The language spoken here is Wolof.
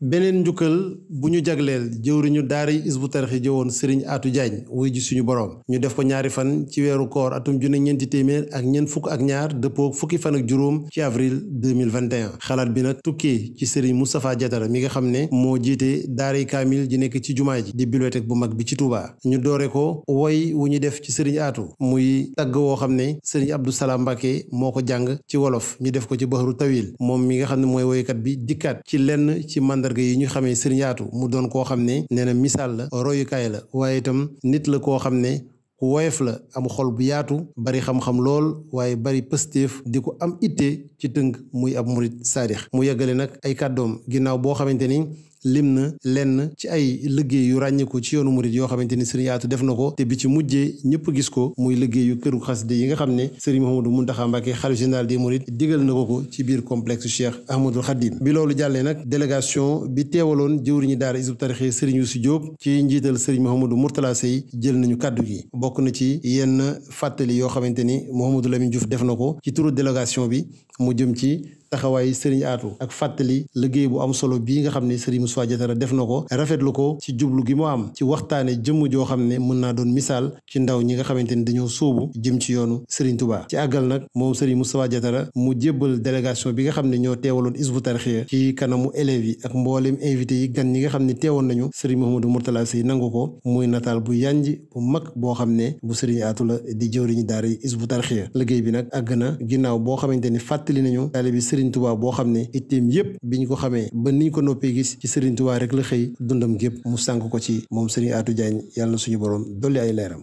beneen njukkal bu ñu jagleel jëwriñu daara yi isbu tarixi jëwoon sëriñ atu jaañ woy ji suñu boroom ñu def ko ñaari fan ci weeru koor atum ju ne ñeenti téeméer ak ñeent fukk ak ñaar dëppoo fukki fan ak juróom ci avril 2021 xalaat bi nag tukkee ci sëriñ Moustapha Diatara mi nga xam ne moo jiite daara yi kaamil ji nekk ci jumaa ji di bibliothèque bu mag bi ci Touba ñu doore ko woy wu ñu def ci sëriñ atu muy tagg woo xam ne sëriñ Abdou Salam Mbacké moo ko jàng ci wolof ñu def ko ci baxaru tawil moom mi nga xam ne mooy woykat bi dikkaat ci lenn ci mand mandarga yi ñu xamee Sëriñ Yaatu mu doon koo xam ne nee na misaal la royukaay la waaye itam nit la koo xam ne ku woyeef la am xol bu yaatu bari xam-xam lool waaye bari pëstéef di ko am itte ci tënk muy ab murit saadix mu yeggale nag ay kàddoom ginnaaw boo xamante ni lim na lenn ci ay liggéey yu ràññeeku ci yoonu murit yoo xamante ni sëriñ Aatu def na ko te bi ci mujjee ñëpp gis ko muy liggéeyu këru xasida yi nga xam ne sëriñ Mouhamadou Mountakha Mbacké xalif général des mourides digal na ko ko ci biir complexe Cheikh Ahmadoul Khadim bi loolu jàllee nag délégation bi teewaloon jëwriñu daara Hizbut Tarqiyyah sëriñ si Diop ci njiital sëriñ Mouhamadou Mourtala Sey jël nañu kàddu gi bokk na ci yenn fàttali yoo xamante ni Mouhamadou Lamine Diouf def na ko ci turu délégation bi mu jëm ci taxawaayu Serigne Atou ak fàttali liggéey bu am solo bii nga xam ne Serigne Moussa Diatara def na ko rafetlu ko ci jublu gi mu am ci waxtaane jëmm joo xam ne mën naa doon misaal ci ndaw ñi nga xamante ni dañoo sóobu jëm ci yoonu Serigne Touba ci àggal nag moom Serigne Moussa Diatara mu jébbal délégation bi nga xam ne ñoo teewaloon Hizbut Tarqiyyah ci kanamu élèves yi ak mboolem invité yi gan ñi nga xam ne teewoon nañu Serigne Mouhamadou Mourtala Sy nangu ko muy nataal bu yanj bu mag boo xam ne bu Serigne Atou la di jëwriñu daara Hizbut Tarqiyyah Serigne boo xam ne itteem yépp bi ñu ko xamee ba niñ ko noppee gis ci Serigne Touba rek la xëy dundam gépp mu sànk ko ci moom Serigne atu Diagne yàlla suñu boroon dolli ay leeram